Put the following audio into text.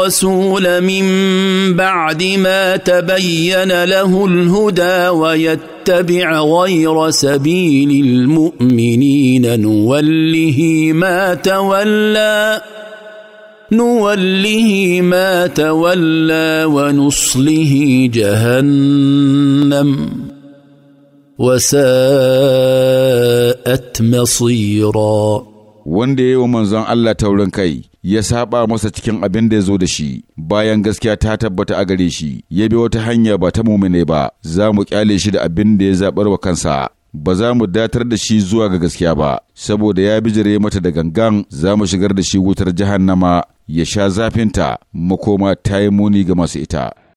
الرسول من بعد ما تبين له الهدى ويتبع غير سبيل المؤمنين نوله ما تولى نوله ما تولى ونصله جهنم وساءت مصيرا وندي ومنزل الله wa manzon ya saba masa cikin abin da ya zo da shi bayan gaskiya ta tabbata a gare shi ya bi wata hanya ba ta mumine ba za mu kyale shi da abin da ya zabar wa kansa ba za mu datar da shi zuwa ga gaskiya ba saboda ya bijire mata da gangan za mu shigar da shi wutar jahannama ya sha zafinta makoma ta yi muni ga masu ita